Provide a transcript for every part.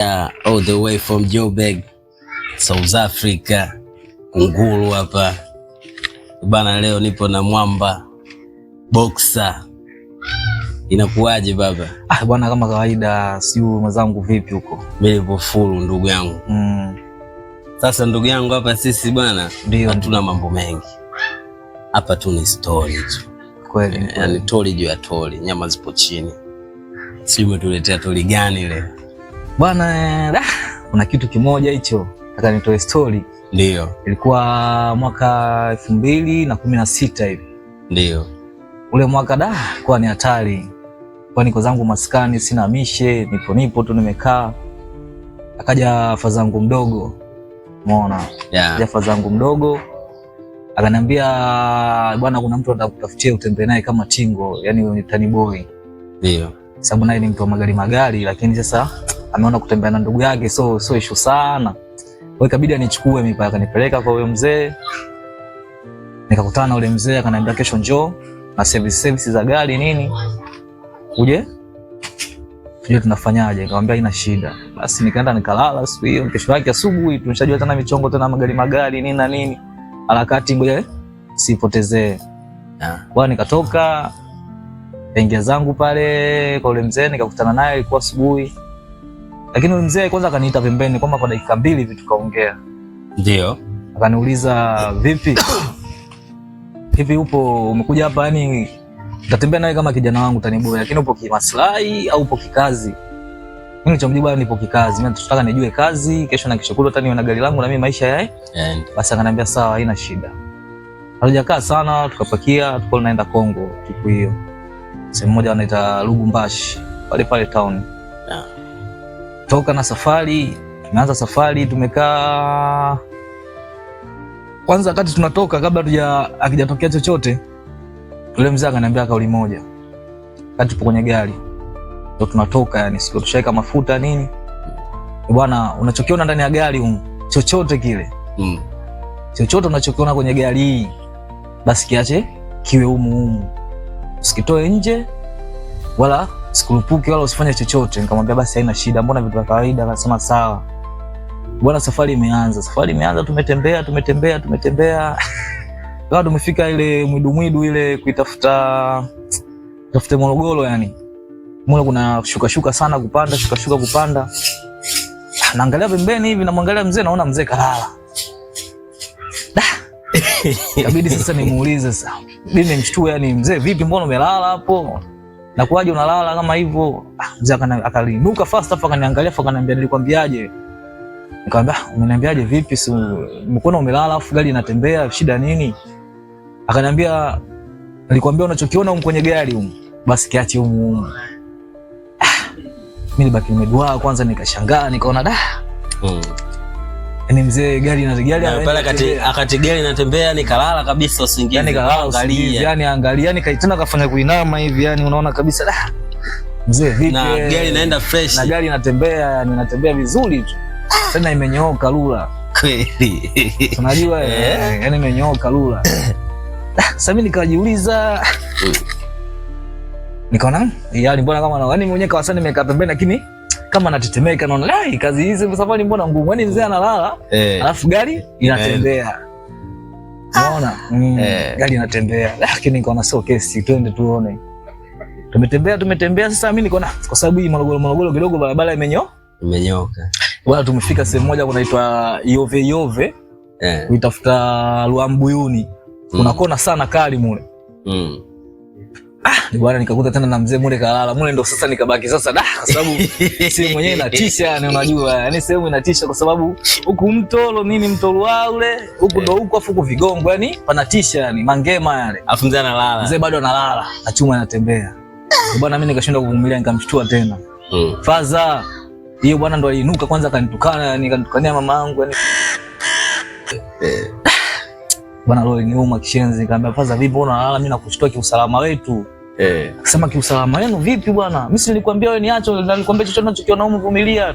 Yeah, all the way from Joburg, South Africa, Kunguru hapa bana. Leo nipo na mwamba boxer. Inakuwaje baba? Ah, bwana, kama kawaida. Siu mwenzangu, vipi huko? Mimi nipo full ndugu yangu. Mm. Sasa ndugu yangu, hapa sisi bwana, hatuna mambo mengi hapa, tu ni story tu kweli, eh, yani tori juu ya tori, nyama zipo chini. siu umetuletea tori gani leo? Bwana da, kuna kitu kimoja hicho nataka nitoe story. Ndio. Ilikuwa mwaka elfu mbili na kumi na sita hivi. Ndio. Ule mwaka da, kwa ni hatari. Kwa niko zangu maskani sina mishe, nipo nipo tu nimekaa. Akaja fazangu mdogo. Umeona? Yeah. Akaja fazangu mdogo. Akaniambia bwana, kuna mtu anataka kutafutia utembee naye kama tingo, yani ni tani boy. Ndio. Sababu naye ni mtu wa magari magari, lakini sasa ameona kutembea na ndugu yake, so so ishu sana. Kwa ikabidi anichukue mimi pale, akanipeleka kwa huyo mzee, nikakutana na ule mzee, akaniambia kesho njoo na service service za gari nini, uje tujue tunafanyaje. Nikamwambia ina shida. Basi nikaenda nikalala siku hiyo. Kesho yake asubuhi tunashajua tena michongo tena magari magari nini na nini, harakati ngoja sipotezee. Ah. Kwa nikatoka ingia zangu pale kwa ule mzee, nikakutana naye, ilikuwa asubuhi lakini mzee kwanza akaniita pembeni kwamba kwa dakika mbili hivi tukaongea. Ndio. Akaniuliza vipi? Hivi upo umekuja hapa yani utatembea naye kama kijana wangu utaniboa, lakini upo kimaslahi au upo kikazi? Mimi nikamjibu bwana, nipo kikazi. Mimi nataka nijue kazi kesho na kesho kutwa tani na gari langu na mimi maisha yae. Basi akaniambia sawa, haina shida. Hatujakaa sana, tukapakia tuko tunaenda Kongo siku hiyo, sehemu moja wanaita Lubumbashi pale pale town. Yeah toka na safari, tumeanza safari, tumekaa kwanza. Wakati tunatoka kabla tuja akijatokea chochote, yule mzee akaniambia kauli moja, wakati tupo kwenye gari ndo tunatoka, yani sio tushaika mafuta nini, bwana, unachokiona ndani ya gari huko chochote kile mm. chochote unachokiona kwenye gari hii basi kiache kiwe humu humu, usikitoe nje wala sikurupuke wala usifanye chochote. Nikamwambia basi haina shida, mbona vitu vya kawaida. Akasema sawa bwana, safari imeanza. Safari imeanza, tumetembea tumetembea tumetembea kaa tumefika ile mwidumwidu ile kuitafuta tafute Morogoro, yani mule kuna shuka shuka sana kupanda shuka shuka kupanda. Ah, naangalia pembeni hivi, namwangalia mzee, naona mzee kalala. Kabidi sasa nimuulize sasa, mimi nimshtue, yani mzee, vipi, mbona umelala hapo? na kuwaje unalala kama hivyo? Ah, mzee akalinuka fast, afa akaniangalia, afa akaniambia, nilikwambiaje? Nikamwambia, ah, umeniambiaje? Vipi, si mkono umelala afu gari inatembea, shida nini? Akaniambia, nilikwambia unachokiona huko kwenye gari huko, basi kiache huko. Ah, mimi nilibaki nimeduaa kwanza, nikashangaa nikaona da mm. Yaani mzee gari na gari pale kati akati gari natembea nikalala yaani kabisa usingizi. Yani kalala usingizi. Yani angalia yani kaitana kafanya kuinama hivi yani unaona kabisa da. Ah. Mzee vipi? Na gari naenda fresh. Na gari natembea yani natembea vizuri tu. Ah. Tena imenyooka lula. Kweli. Unajua eh? Yaani imenyooka lula. Ah, sasa mimi nikajiuliza nikaona yaani mbona kama na yaani mwenyewe kawasani nimekaa pembeni lakini kama natetemeka, naona lai kazi hizi safari mbona ngumu. Yani mzee analala eh, alafu gari inatembea eh. naona mm, eh, gari inatembea, lakini nikaona sio kesi, twende tuone. Tumetembea tumetembea, sasa mimi nikaona kwa sababu hii Morogoro Morogoro kidogo barabara imenyo imenyoka wala, tumefika sehemu moja kunaitwa Yove Yove eh, kuitafuta Rwambuyuni kuna mm, kona sana kali mule mm Ah, bwana nikakuta tena na mzee mule kalala. Mule ndo sasa nikabaki sasa da kwa sababu sehemu mwenyewe inatisha, ni unajua. Yaani sehemu inatisha kwa sababu huku mtolo nini mtolo wale, huku ndo huku afu huku vigongo yani panatisha yani mangema yale. Afu mzee analala. Mzee bado analala, na chuma anatembea. Bwana mimi nikashinda kuvumilia nikamshtua tena. Mm. Faza. Yeye bwana ndo aliinuka kwanza akanitukana, yani kanitukania mama yangu yani. Eh bwana lori niuma kishenzi. Nikamwambia faza, vipi bwana, unalala? Mimi nakushtua kiusalama wetu. Eh, akasema kiusalama wenu vipi bwana? Mimi nilikwambia wewe niacho na nilikwambia chochote unachokiona umvumilia.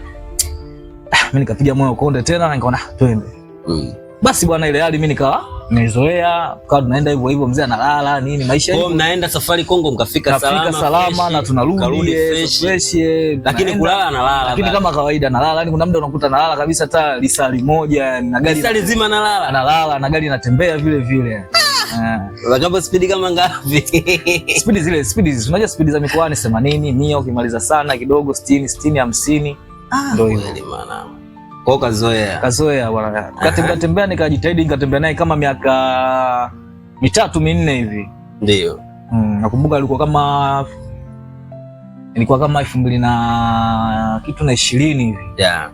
Ah, Mimi nikapiga moyo konde tena na nikaona ah, twende. Mm. Basi bwana, ile hali mimi nikawa nimezoea, kwa tunaenda hivyo hivyo, mzee analala nini, maisha hiyo. Mnaenda safari Kongo, mkafika salama salama na tunarudi fresh, fresh, lakini kulala analala, lakini kama kawaida analala. Yani kuna muda unakuta analala kabisa, hata lisali moja na gari lisali zima analala, analala na gari inatembea vile vile. Unakapa ah! eh. spidi kama ngapi? Spidi zile spidi zile, unajua spidi za mikoani 80 100, ukimaliza sana kidogo 60 60 50, ndio hivyo maana kwa kazoea. Kazoea bwana. Katembea tembea nikajitahidi nikatembea naye kama miaka mitatu minne hivi. Ndio. Mm, nakumbuka alikuwa kama ilikuwa kama elfu mbili na kitu na ishirini hivi. Yeah.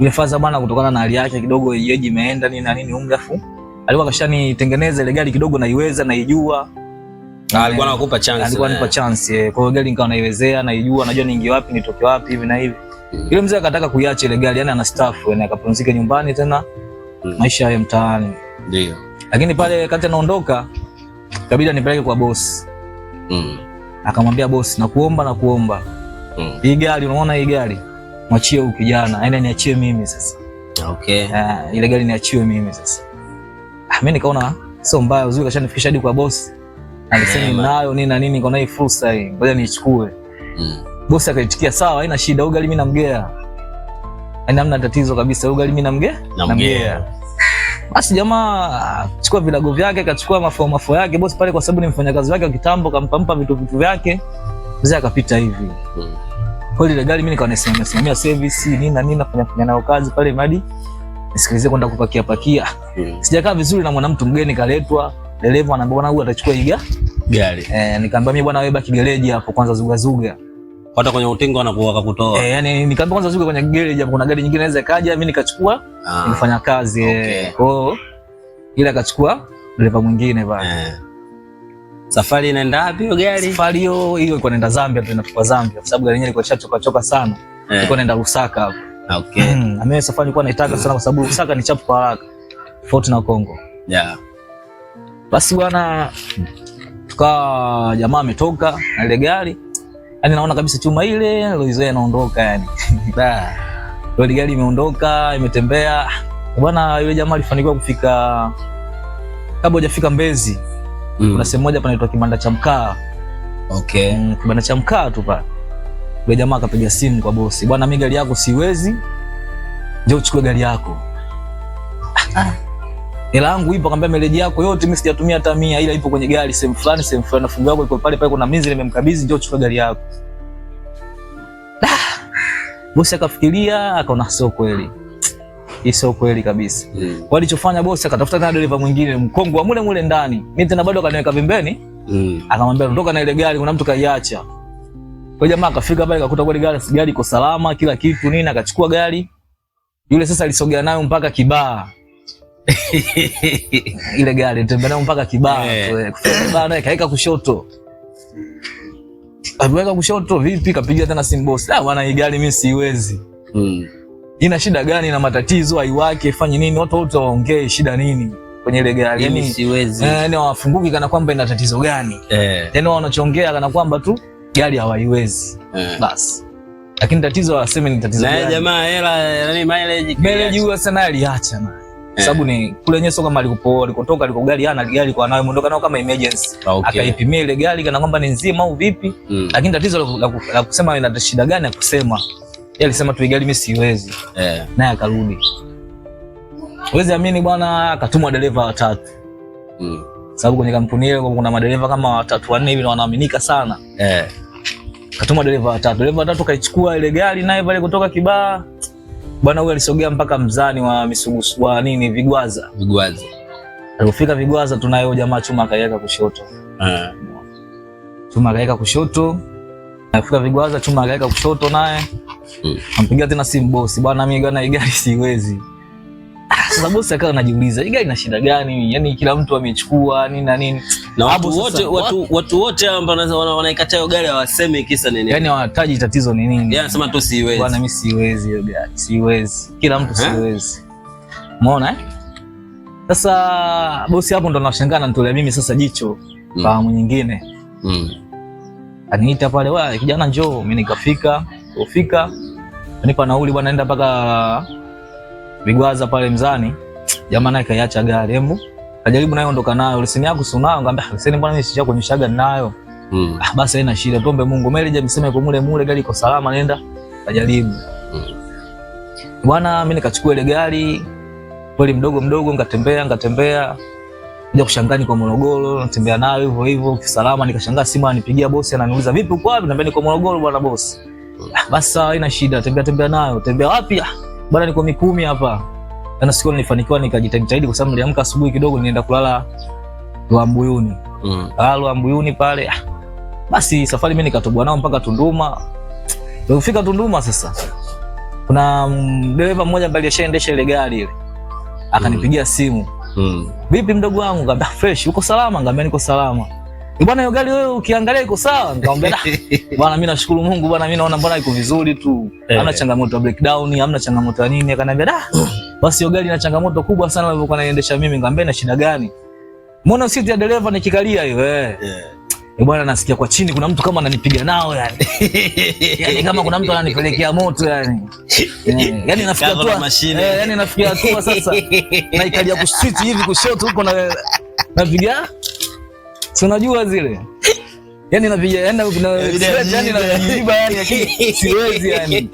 Ile faza bwana, kutokana na hali yake kidogo yeji imeenda nini na nini umri, afu alikuwa kashanitengeneza ile gari kidogo naiweza naijua. Na ah, alikuwa anakupa chance. Alikuwa eh. ananipa chance. Eh. Kwa hiyo gari nikawa naiwezea naijua, najua niingie wapi nitoke wapi hivi na hivi. Yule mzee akataka kuiacha ile gari, yani anastaafu, yani akapumzika nyumbani tena mm. maisha ya mtaani. Ndio. Lakini pale kati anaondoka, kabidi nipeleke kwa boss Mm. Akamwambia bosi, nakuomba nakuomba. Mm. Hii gari unaona hii gari? Mwachie huyu kijana, aende yaani niachie mimi sasa. Okay. Ah, ile gari niachie mimi sasa. Ah, mimi nikaona sio mbaya, uzuri kashanifikisha hadi kwa boss. Alisema nayo nini na nini, nikaona hii fursa hii. Ngoja niichukue. Mm. Bosi akaitikia sawa, haina shida, ugali mimi namgea, yaani haina mna tatizo kabisa, ugali mimi namgea namgea. Basi jamaa chukua vilago vyake, kachukua mafao mafao yake bosi pale, kwa sababu ni mfanyakazi wake wa kitambo, kampampa vitu vitu vyake, mzee akapita hivi hmm. Kweli ile gari mimi nikawa nasimamia simamia service nini na nini, nafanya fanya nayo kazi pale madi nisikilize kwenda kupakia pakia hmm. Sijakaa vizuri na mwanamtu mgeni kaletwa, dereva anaambia bwana, huyu atachukua hii gari eh, nikamwambia mimi bwana, wewe baki gereji hapo kwanza, zuga zuga hata kwenye utingo wakakutoa. Eh, yani nikaambia kwanza usiku kwenye gari, japo kuna gari nyingine inaweza kaja, mimi nikachukua ah. nifanya kazi. Eh. Okay. Kwao ila akachukua dereva mwingine bana. Eh. Safari inaenda wapi hiyo gari? Safari hiyo hiyo ilikuwa inaenda Zambia, ndio inatoka Zambia kwa sababu gari yenyewe ilikuwa chachoka choka sana. Eh. Ilikuwa eh, inaenda Lusaka hapo. Okay. Hmm, na mimi safari nilikuwa naitaka sana kwa sababu Lusaka ni chapu kwa haraka. Tofauti na Kongo. Yeah. Basi bwana tukawa jamaa ametoka na ile gari yani naona kabisa chuma ile Loizo anaondoka yani. Lori gari imeondoka imetembea bwana. Yule jamaa alifanikiwa kufika kabla hajafika Mbezi mm. Kuna sehemu moja panaitwa kibanda cha mkaa okay. Mm, kibanda cha mkaa tu pale, yule jamaa akapiga simu kwa bosi, bwana, mimi gari yako siwezi, njoo uchukue gari yako ah. ah. Hela yangu ipo, akamwambia meleji yako yote mimi sijatumia hata mia, ila ipo kwenye gari sehemu fulani sehemu fulani, na fungu yako iko pale pale, kuna mlinzi nimemkabidhi, njoo chukua gari yako. Bosi akafikiria akaona sio kweli. Hii sio kweli kabisa. Mm. Kwa alichofanya bosi akatafuta tena dereva mwingine mkongwe mule mule ndani. Mimi tena bado akaniweka pembeni. Mm. Akamwambia ondoka na ile gari kuna mtu kaiacha. Kwa jamaa akafika pale akakuta kweli gari gari iko salama, kila kitu nini, akachukua gari. Yule sasa alisogea nayo mpaka kibaa. ile gari tembea nayo mpaka kibao yeah. Eh. Kibaha naye kaweka kushoto, ameweka kushoto vipi, kapiga tena simu bosi, ah bwana, hii gari mimi siwezi mm. Ina shida gani na matatizo haiwake fanye nini, watu wote waongee shida nini kwenye ile gari yani, siwezi eh, ni yaani wafunguki kana kwamba ina tatizo gani eh, tena yaani wanachongea kana kwamba tu gari hawaiwezi eh. Basi lakini tatizo waseme ni tatizo gani na jamaa hela yani mileage mileage, huyo sana aliacha na Eh. sababu ni kule nyeso kama alikupo alikotoka aliko gari ana gari alikuwa nayo muondoka nao kama emergency, ah, okay. akaipimia ile gari kana kwamba ni nzima au vipi, mm. lakini tatizo la kusema ina shida gani ya kusema yeye alisema tu gari mimi siwezi, yeah. naye akarudi. Uwezi amini bwana, akatumwa dereva watatu mm. Sababu kwenye kampuni ile kuna madereva kama watatu wanne hivi na wanaaminika sana eh. Katumwa dereva watatu, dereva watatu kaichukua ile gari naye pale kutoka Kibaha bwana huyu alisogea mpaka mzani wa misugusu wa nini Vigwaza. Vigwaza. Alipofika Vigwaza, tunayo jamaa chuma akaweka kushoto. Ah. Chuma akaweka kushoto. Alifika Vigwaza, chuma akaweka kushoto naye. Mm. Ampigia tena simu bosi, bwana mimi gana gari siwezi. Sasa bosi akawa anajiuliza hii gari ina shida gani? Yani kila mtu amechukua nini na nini, na watu wote watu watu wote ambao wanaikataa gari hawasemi kisa nini, yani hawataji tatizo ni nini, yani anasema tu siwezi bwana, mimi siwezi hiyo gari, siwezi, kila mtu eh? siwezi. Umeona eh? Sasa bosi hapo ndo anashangaa, anatolea mimi sasa jicho kwa mm. nyingine mm. aniita pale, wewe kijana, njoo. Mimi nikafika, ufika nipa nauli bwana, nenda mpaka Vigwaza pale mzani, jamaa naye kaiacha gari, hebu kajaribu nayo ondoka nayo. Leseni yako si unayo? Ngambia leseni bwana, mimi sija kuonyeshaga ninayo. Mm. Ah, basi haina shida, tuombe Mungu. Manager mseme kwa mule mule, gari iko salama, nenda kajaribu. Mm. Bwana, mimi nikachukua ile gari kweli, mdogo mdogo, ngatembea ngatembea kuja kushangani kwa Morogoro, natembea nayo hivyo hivyo kisalama. Nikashangaa simu ananipigia bosi, ananiuliza vipi, uko wapi? Naambia niko Morogoro bwana bosi. Hmm. Ah, basi sawa, haina shida, tembea tembea nayo. Tembea wapi? Ah, bwana, niko Mikumi hapa. ana siku nilifanikiwa nikajitahidi, kwa sababu niliamka asubuhi kidogo, nienda kulala Lwambuyuni mm. Ah, Lwambuyuni pale ah, basi, safari mimi nikatoboa nao mpaka Tunduma. Nilifika Tunduma sasa, kuna dereva mmoja ambaye alishaendesha ile gari ile akanipigia mm. simu mm. Vipi mdogo wangu, ngamba ah, fresh, uko salama? Ngamba niko salama Bwana hiyo gari wewe ukiangalia iko sawa. Nikamwambia bwana, mimi nashukuru Mungu bwana, mimi naona mbona iko vizuri tu, eh. hamna changamoto ya breakdown, hamna changamoto ya nini. Akaniambia da, basi hiyo gari ina changamoto kubwa sana nilivyokuwa naiendesha mimi. Nikamwambia na shida gani? Mbona siti ya dereva nikikalia hiyo eh? E bwana, nasikia kwa chini kuna mtu kama ananipiga nao yani. Yani kama kuna mtu ananipelekea moto yani. Yani nafikia tu eh, yani nafikia tu sasa. Naikalia kuswiti hivi kushoto huko na napiga si unajua zile yani napiga yani eh, yani najiba yani siwezi yani.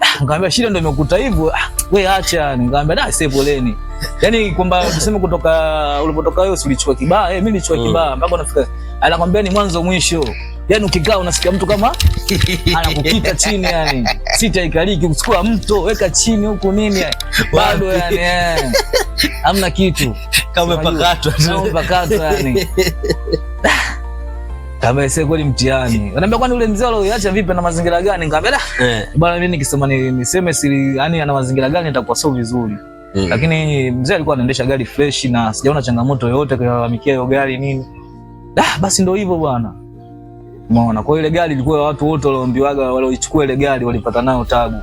Ah, nikamwambia shida ndio imekuta hivyo, ah, we acha yani. Nikamwambia da sasa, poleni yani kwamba tuseme kutoka ulipotoka wewe ulichukua kibaa, eh mimi nilichukua mm. kibaa mpaka nafika, anakwambia ni mwanzo mwisho yani ukikaa unasikia mtu kama anakukita chini, yani sita ikaliki, kuchukua mto weka chini huku nini, bado yani eh. hamna kitu kama pakatwa pakatwa yani kama ese kweli mtihani. Anaambia kwani ule mzee aliyoacha vipi na mazingira gani? Ngambia da. Eh. Bwana mimi nikisema ni niseme siri yani ana mazingira gani nitakuwa sio vizuri. Mm. Lakini mzee alikuwa anaendesha gari fresh na sijaona changamoto yoyote kwa mikia hiyo gari nini. Da, basi ndio hivyo bwana. Umeona? Kwa ile gari ilikuwa watu wote walioambiwaga walioichukua ile gari walipata nayo tabu.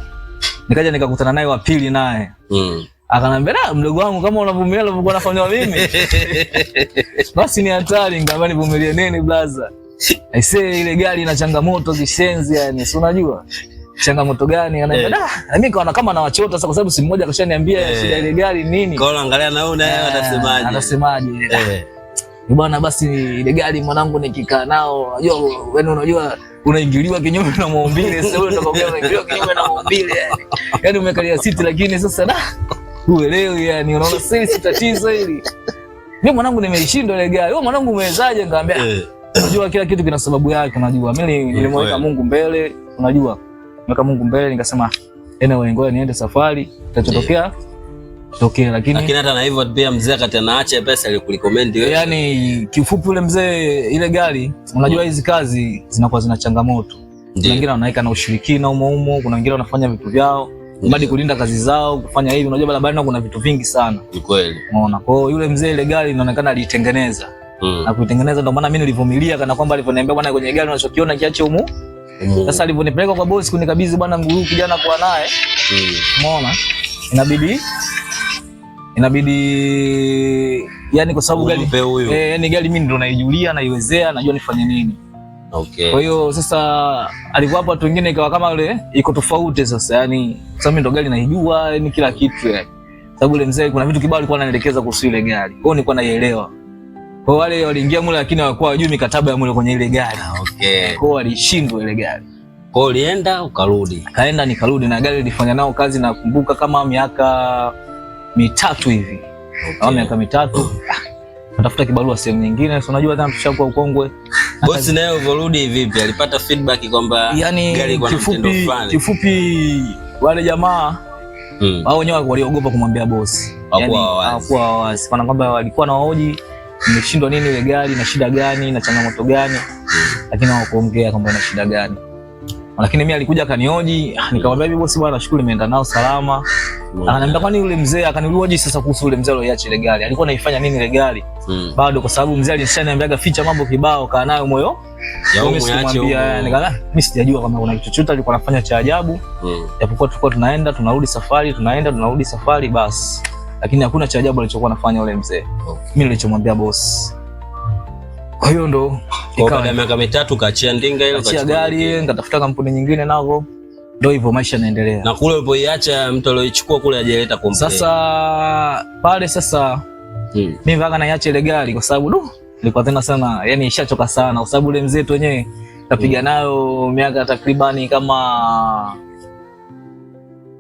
Nikaja nikakutana naye wa pili naye. Mm. Akanambia, "Na mdogo wangu kama unavumilia alivyokuwa nafanywa mimi." Basi ni hatari, ngamani nivumilie nini blaza? I say ile gari ina changamoto kishenzi yani, si unajua? Changamoto gani? Anambia, "Da, eh. na mimi kaona kama nawachota sasa kwa sababu simu moja akashaniambia eh. shida ile gari nini." Kwa hiyo angalia na wewe naye eh, atasemaje? Atasemaje? bwana, basi ile gari mwanangu nikikaa nao, unajua wewe, yaani unajua unaingiliwa kinyume na maumbile. Sasa wewe utakwambia unaingiliwa kinyume na maumbile, yani yani umekalia siti, lakini sasa na uelewi, yani unaona sisi si tatizo hili. Mimi mwanangu nimeishinda ile gari, wewe mwanangu umewezaje? Nikamwambia ah, eh. unajua kila kitu kina sababu yake, unajua mimi nilimweka Mungu mbele, unajua nimeweka Mungu mbele, nikasema ah, anyway, ngoja niende safari, kitachotokea tokea, lakini, lakini hata na hivyo pia mzee kati anaacha pesa ile kulikomendi wewe. Yani kifupi yule mzee ile gari unajua mm. hizi kazi zinakuwa zina changamoto. Wengine wanaweka na ushirikina umo umo, kuna wengine wanafanya vitu vyao bali kulinda kazi zao kufanya hivi. Unajua barabarani kuna vitu vingi sana, ni kweli, unaona. Kwa hiyo yule mzee ile gari inaonekana alitengeneza mm. na kuitengeneza, ndio maana mimi nilivumilia, kana kwamba alivyoniambia bwana, kwenye gari unachokiona kiache humu sasa mm. alivyonipeleka kwa bosi kunikabidhi, bwana, nguru kijana kwa naye, mm. umeona inabidi inabidi yani, kwa sababu gari eh, yani gari mimi ndo naijulia naiwezea, najua nifanye nini. Okay. Kwa hiyo sasa alikuwa hapo watu wengine ikawa kama yule iko tofauti sasa, yani sasa mimi ndo gari naijua yani kila kitu yani. Sababu ile mzee kuna vitu kibao alikuwa ananielekeza kuhusu ile gari. Kwa hiyo nilikuwa naielewa. Kwa wale waliingia mule lakini hawakuwa wajui mikataba ya mule kwenye ile gari. Ah, okay. Kwa hiyo walishindwa ile gari. Kwa ulienda ukarudi, kaenda nikarudi, na gari nilifanya nao kazi, nakumbuka kama miaka mitatu hivi okay. au miaka mitatu natafuta kibarua sehemu nyingine, si unajua tena tushakuwa ukongwe. Bosi naye uvorudi vipi, alipata feedback kwamba yani, gari kwa mtindo fulani. Kifupi wale jamaa hmm. wao wenyewe waliogopa kumwambia bosi, yaani, hawakuwa wawazi kana kwamba walikuwa na waoji nimeshindwa nini ile gari na shida gani na changamoto gani, hmm. lakini hawakuongea kwamba na shida gani lakini mimi alikuja akanioji, ah, nikamwambia hivi bosi bwana, shukuru nimeenda nao salama. Mm. Ananiambia kwani yule mzee akaniuliaje sasa kuhusu yule mzee aliyeacha ile gari. Alikuwa anaifanya nini ile gari? Hmm. Bado kwa sababu mzee alishaniambiaga ficha mambo kibao kaa nayo moyo. Mimi sikumwambia, eh, nikala ah, mimi sijajua kama kuna kitu chochote alikuwa anafanya cha ajabu. Mm. Japokuwa tulikuwa tunaenda, tunarudi safari, tunaenda, tunarudi safari basi. Lakini hakuna cha ajabu alichokuwa anafanya yule mzee. Okay. Mimi nilichomwambia bosi kwa hiyo ndo baada ya miaka mitatu kaachia ndinga hiyo, kaachia gari, nikatafuta kampuni nyingine nako ndo hivyo maisha yanaendelea. Na kule ulipoiacha mtu alioichukua kule ajeleta complaint. Sasa pale sasa hmm. Mimi vaga naiacha ile gari kwa sababu du nilikuwa tena sana yani ishachoka sana kwa sababu ule mzetu wenyewe kapiga hmm. nayo miaka takribani kama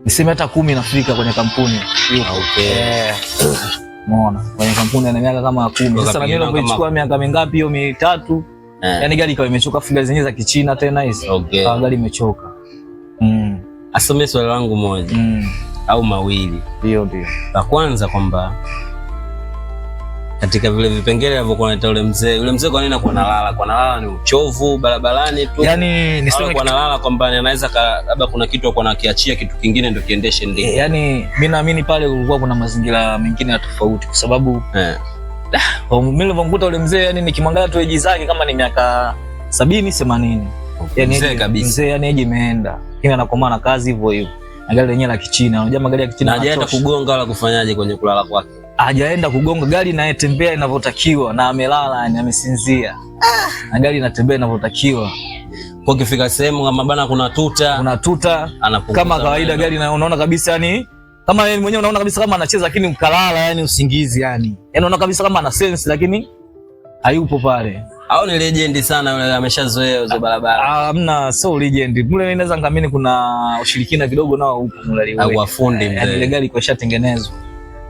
niseme hata kumi nafika kwenye kampuni. Ah, okay. Yeah. Eh. Umeona? Kwenye kampuni miaka kama 10. Sasa na mimi nimechukua miaka mingapi hiyo mitatu? Eh. Yaani gari ikawa imechoka fuga zenyewe za kichina tena hizi. Okay. Kwa gari imechoka. Mm. Asome swali langu moja. Mm. Au mawili. Ndio ndio. La kwanza kwamba katika vile vipengele alivyokuwa analeta yule mzee. Yule mzee kwa nini anakuwa analala? Kwa nalala ni uchovu barabarani tu. Yaani niseme kwa nalala kwamba anaweza labda kuna kitu kwa anakiachia kitu kingine ndio kiendeshe ndio. Eh, yaani mimi naamini pale kulikuwa kuna mazingira mengine ya tofauti kwa sababu eh. Mimi nilipomkuta yule mzee yani nikimwangalia tu eji zake kama ni miaka 70 80. Yaani mzee kabisa. Mzee yani eji imeenda. Kile anakomaa na kazi hivyo hivyo. Na gari lenyewe la Kichina. Unajua magari ya Kichina hayajaenda kugonga wala kufanyaje kwenye kulala kwake hajaenda kugonga gari, inayetembea inavyotakiwa na amelala, yani amesinzia, ah. na gari inatembea inavyotakiwa. Kwa kifika sehemu kama bana, kuna tuta, kuna tuta kama kawaida, gari unaona kabisa yani kama yeye mwenyewe unaona kabisa kama anacheza lakini mkalala, yani usingizi, yani yani unaona kabisa kama ana sense lakini hayupo pale. Au ni legend sana yule, ameshazoea hizo barabara. Ah, Hamna, so legend mule, naweza ngamini kuna ushirikina kidogo nao huko mule, au wafundi eh, mzee, yani gari kwa shatengenezwa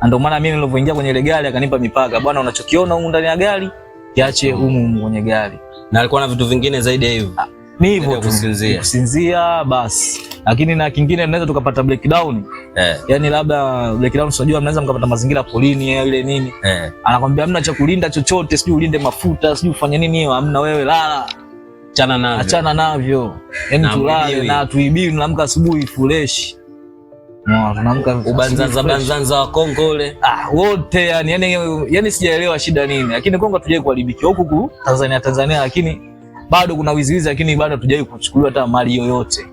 na ndio maana mimi nilivyoingia kwenye ile gari akanipa mipaka, bwana, unachokiona huko ndani ya gari kiache humu kwenye gari. Na alikuwa na vitu vingine zaidi ya hivyo, ah, ni hivyo kusinzia kusinzia basi. Lakini na kingine tunaweza tukapata breakdown eh, yani labda breakdown, unajua mnaweza mkapata mazingira polini ya ile nini eh, anakwambia hamna cha kulinda chochote, sijui ulinde mafuta, sijui ufanye nini, hiyo hamna, wewe lala achana navyo, achana navyo, yani tulale na tuibii, tunaamka asubuhi fresh ubanzanza banzanza wa Kongo ule ah, wote yani, yani, yani sijaelewa shida nini, lakini Kongo hatujai kuharibikia huku ku Tanzania Tanzania, lakini bado kuna wiziwizi, lakini bado hatujai kuchukuliwa hata mali yoyote.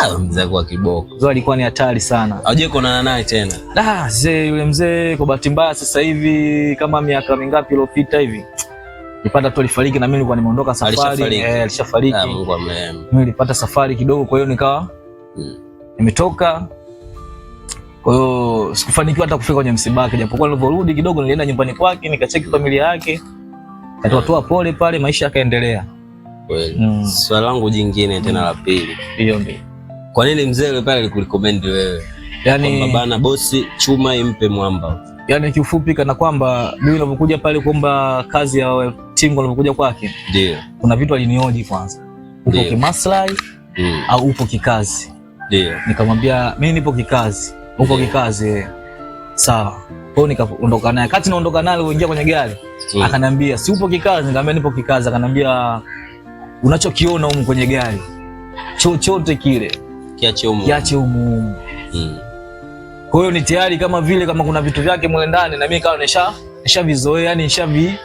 Ah, mzee kwa kiboko Zo alikuwa ni hatari sana, hajai kuna naye tena. Ah, zee yule mzee kwa bahati mbaya, sasa hivi kama miaka mingapi iliyopita hivi nilipata tu alifariki, na mimi nilikuwa nimeondoka safari, Alishafariki. eh, alishafariki. Ah, Mungu amrehemu. Mimi nilipata safari kidogo, kwa hiyo nikawa mm. nimetoka kwa hiyo sikufanikiwa hata kufika kwenye msiba wake, japokuwa nilivyorudi kidogo nilienda nyumbani kwake nikacheki familia yake, nikatoa pole pale, maisha yakaendelea. Kweli. Mm. Swali langu jingine tena la pili. Hiyo ndio. Kwa nini mzee yule pale alikurecommend wewe? Yaani bana bosi chuma impe mwamba. Yaani kiufupi kana kwamba mimi nilipokuja pale kuomba kazi ya Tingo nilipokuja kwake. Ndio. Kuna vitu alinioji kwanza. Uko kimaslahi mm. au upo kikazi? Ndio. Nikamwambia mimi nipo kikazi huko kikazi sawa. Kwao nikaondoka naye, kati naondoka naye alipoingia kwenye gari mm. akaniambia si upo kikazi? Nikamwambia nipo kikazi. akaniambia unachokiona huko kwenye gari chochote kile kiache humu, kiache humu mm. Kwa hiyo ni tayari kama vile kama kuna vitu vyake mule ndani, na mimi kawa nisha nishavizoea, yani nishavi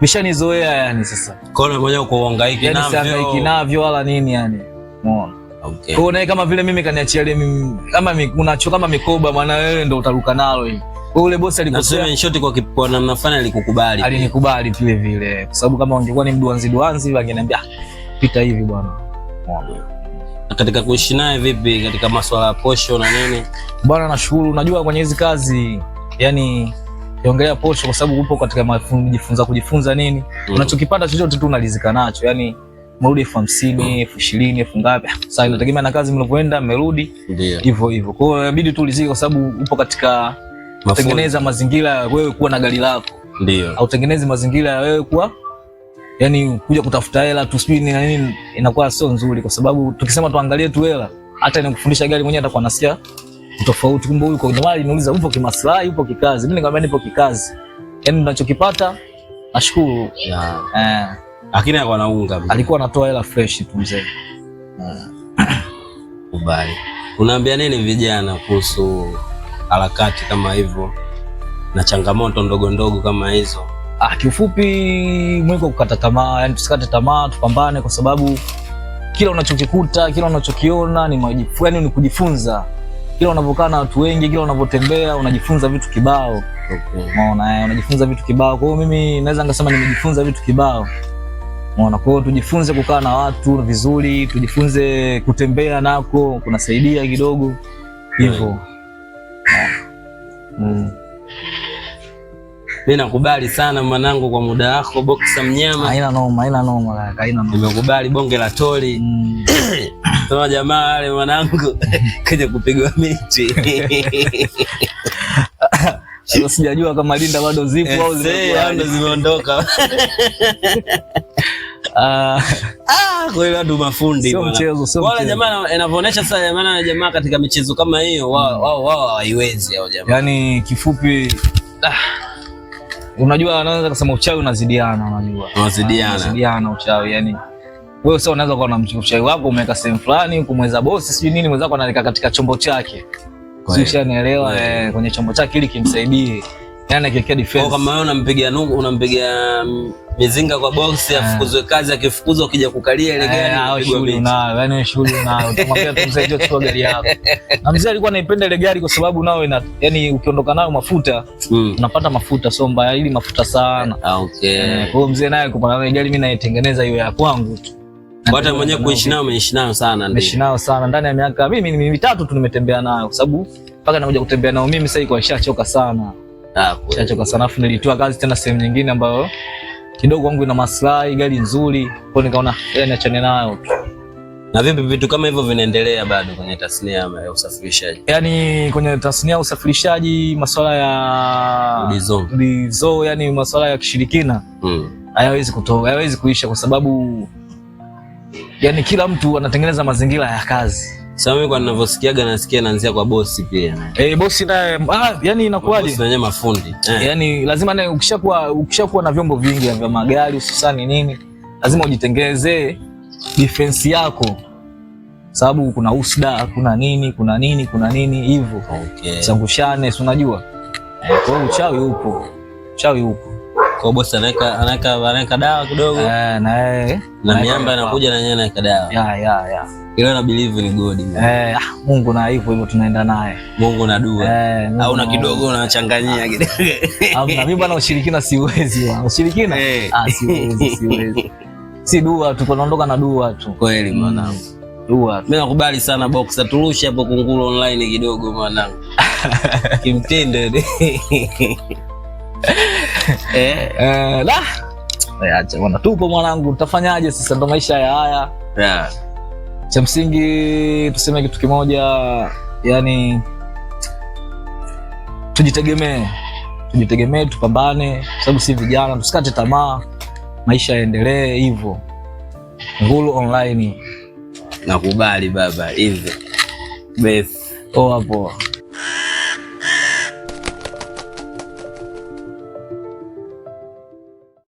vishanizoea yani sasa, kwa hiyo mwenyewe kuhangaika navyo wala nini yani, umeona Okay. Kwa naye kama vile mimi kaniachia ile mimi kama unacho kama mikoba maana wewe ndo utaruka nalo hii. Kwa yule bosi alikosema in short, kwa kwa namna fulani alikukubali. Alinikubali vile vile. Kwa sababu kama ungekuwa ni mduanzi duanzi wangeniambia ah, pita hivi bwana. Na katika kuishi naye vipi katika masuala ya posho na nini? Bwana nashukuru, unajua kwenye hizi kazi yani ongelea posho kwa sababu upo katika mafunzo kujifunza nini. Mm. Unachokipata chochote tu unalizika nacho. Yaani mrudi elfu hamsini elfu ishirini elfu ngapi. Sasa inategemea na kazi mlivyoenda mmerudi hivyo hivyo. Kwa hiyo inabidi tu ulizike, kwa sababu upo katika kutengeneza mazingira wewe kuwa na gari lako, ndio au tengeneze mazingira ya wewe kuwa yani kuja kutafuta hela tu sijui na nini, inakuwa sio nzuri, kwa sababu tukisema tuangalie tu hela, hata inakufundisha gari mwenyewe atakuwa nasikia tofauti. Kumbe huyu kwa ndio maana inauliza, upo kimaslahi upo kikazi? Mimi nikamwambia nipo kikazi, yani ninachokipata nashukuru. yeah. eh lakini alikuwa anaunga. Alikuwa anatoa hela fresh tu mzee. Ah, Ubali. Unaambia nini vijana kuhusu harakati kama hivyo na changamoto ndogo ndogo kama hizo? Ah, kiufupi mwiko kukata tamaa, yani tusikate tamaa, tupambane kwa sababu kila unachokikuta, kila unachokiona ni majifu, yani ni kujifunza. Kila unavyokaa na watu wengi, kila unavyotembea unajifunza vitu kibao. Okay. Unaona, eh, unajifunza vitu kibao. Kwa hiyo mimi naweza ngasema nimejifunza vitu kibao. Unaona, kwa hiyo tujifunze kukaa na watu vizuri, tujifunze kutembea nako kunasaidia kidogo hivyo. Mm. mm. Mimi nakubali sana mwanangu kwa muda wako boksa Mnyama. Haina noma, haina noma haina noma. Nimekubali bonge la toli. Mm. jamaa wale mwanangu kaja kupigwa miti. Sijajua kama Linda bado zipo au eh, eh, zimeondoka. Ah, ah kweli mafundi mchezo, sio Wala jamaa inavyoonyesha sasa, jamaa na jamaa katika michezo kama hiyo wao mm. wao wao hawaiwezi hao jamaa. Yaani kifupi ah. unajua anaanza kusema uchawi unazidiana, unajua unazidiana, unazidiana uchawi yani wewe sasa unaweza kuwa na mchawi wako umeweka sehemu fulani kumweza bosi sijui nini, mwenzako analika katika chombo chake, sio, unaelewa, eh, kwenye chombo chake ili kimsaidie Yani akiwekea defense. Kama wewe unampiga nungu, unampiga mm, mizinga kwa box eh. afukuzwe kazi, akifukuzwa ukija kukalia ile gari eh, unapigwa mimi. Na yani shughuli na yaani utamwambia tu mzee, njoo chukua gari yako. Na mzee alikuwa anaipenda ile gari kwa sababu nao ina yani ukiondoka nayo mafuta mm. unapata mafuta so mbaya ili mafuta sana. Ah, okay. Eh, kwa hiyo mzee naye kupanda na gari mimi naitengeneza hiyo ya kwangu tu. Hata mwenyewe kuishi nayo umeishi nayo sana ndio. Nimeishi nayo sana ndani ya miaka mimi ni mitatu tu nimetembea nayo kwa sababu mpaka nakuja kutembea nao mimi sasa iko ishachoka sana. Ah, ah, chacho kwa sanafu. nilitoa kazi tena sehemu nyingine ambayo kidogo wangu ina maslahi, gari nzuri, kwa nikaona eh, niachane nayo tu. Na vipi vitu kama hivyo vinaendelea bado kwenye tasnia ya usafirishaji? Yaani kwenye tasnia ya usafirishaji masuala ya Udizo. Udizo, yani masuala ya kishirikina hmm. hayawezi kutoa, hayawezi kuisha kwa sababu yani kila mtu anatengeneza mazingira ya kazi sasa mimi kwa ninavyosikiaga nasikia naanzia kwa bosi pia. Eh, bosi naye ah, yani inakuwaje? Bosi naye mafundi. Eh. Yaani lazima naye ukishakuwa ukishakuwa na vyombo vingi vya magari hususani nini, lazima ujitengenezee defense yako. Sababu kuna usda, kuna nini, kuna nini, kuna nini hivyo. Okay. Sangushane, si unajua? Eh, kwa hiyo uchawi upo. Uchawi upo. Kwa bosi anaweka anaweka anaweka dawa kidogo. Eh, yeah, na yeye eh. na miamba anakuja na yeye anaweka dawa. Ya ya ya. Ile na believe ni God. Eh, ah, Mungu na hivyo hivyo tunaenda naye. Mungu na dua. Eh, au na kidogo unachanganyia ah. kidogo. au na mimi bwana ushirikina siwezi. Ushirikina? Eh. Ah, siwezi, siwezi. Si dua tu, tunaondoka na dua tu. Kweli mm. mwanangu. Dua. Mimi nakubali sana boxer, turushe hapo kunguru online kidogo mwanangu. Kimtindo. eh, eh, la eh, acha bwana, tupo mwanangu, tutafanyaje sasa? Ndo maisha ya haya yeah. Cha msingi tuseme kitu kimoja, yani tujitegemee, tujitegemee, tupambane, sababu si vijana, tusikate tamaa, maisha yaendelee hivyo. Ngulu Online nakubali baba, hivyo basi. Oh,